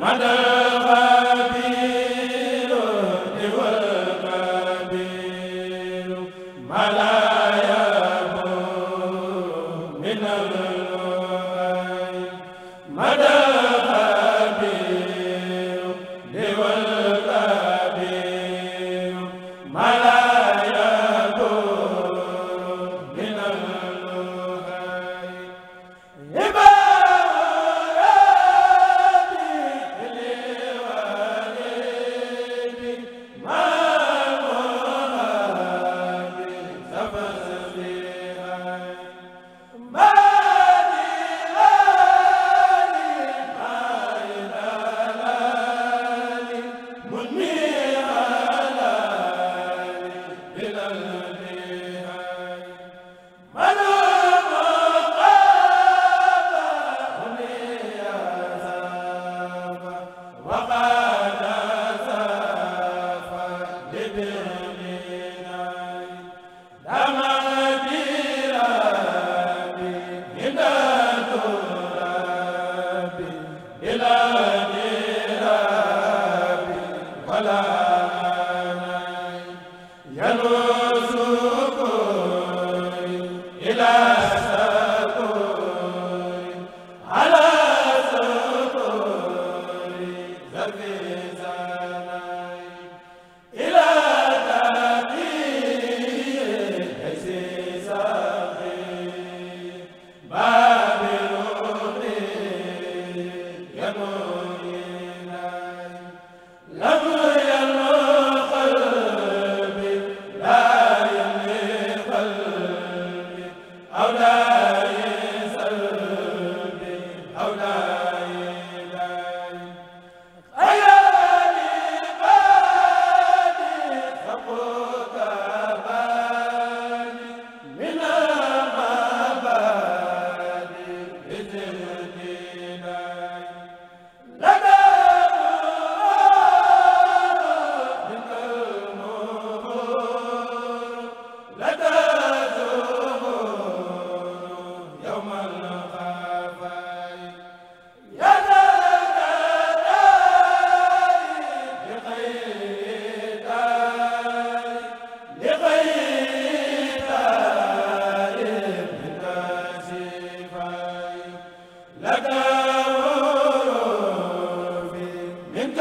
mada min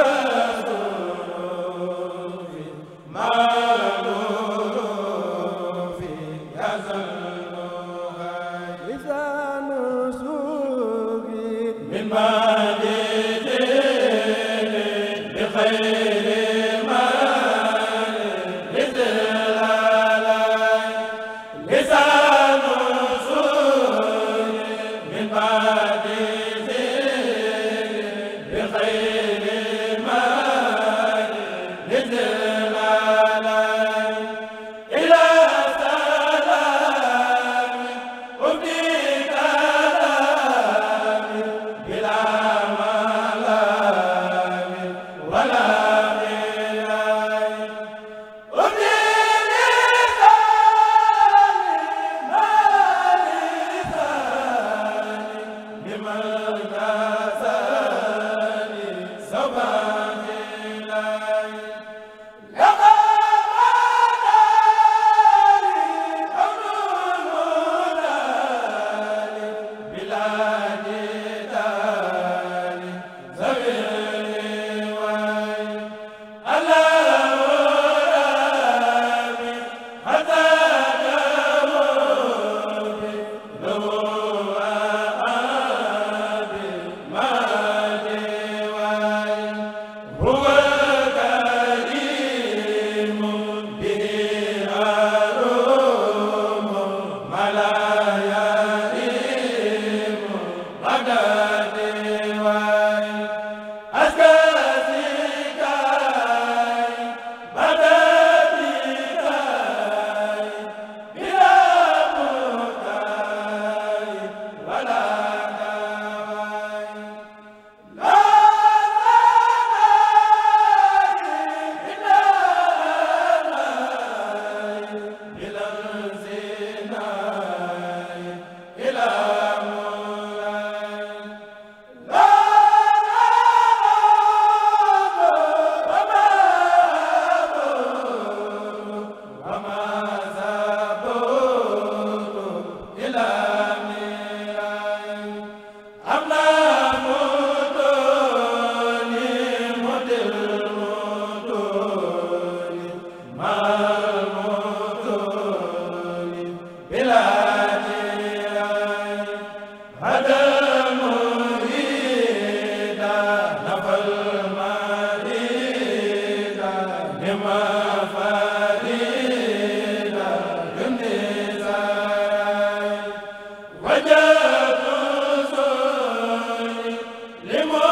li